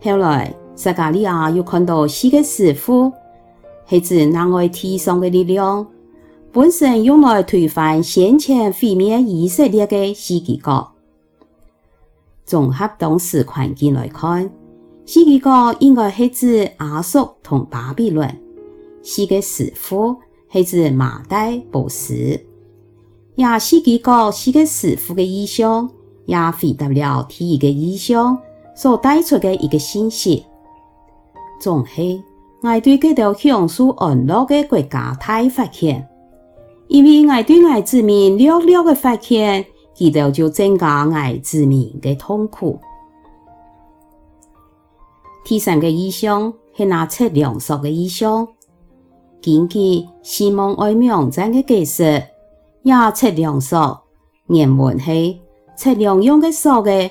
後來，撒迦利亞又看到四個師傅係指南來提上的力量，本身用來推翻先前毀滅以色列的希吉國。綜合當時環境來看，希吉國應該是指亞述同巴比倫，四個師傅係指馬代波斯，也希吉哥、希吉師傅的異象也回答了天的異象。所帶出嘅一個信息，總是我對嗰條向死恩落嘅國家太發現，因為我對我子民寥寥嘅發現，佢哋就增加我子民嘅痛苦。第三個異象係拿測量索嘅異象，根據西蒙愛命贊嘅解釋，廿測量索，原文係測量用嘅索嘅。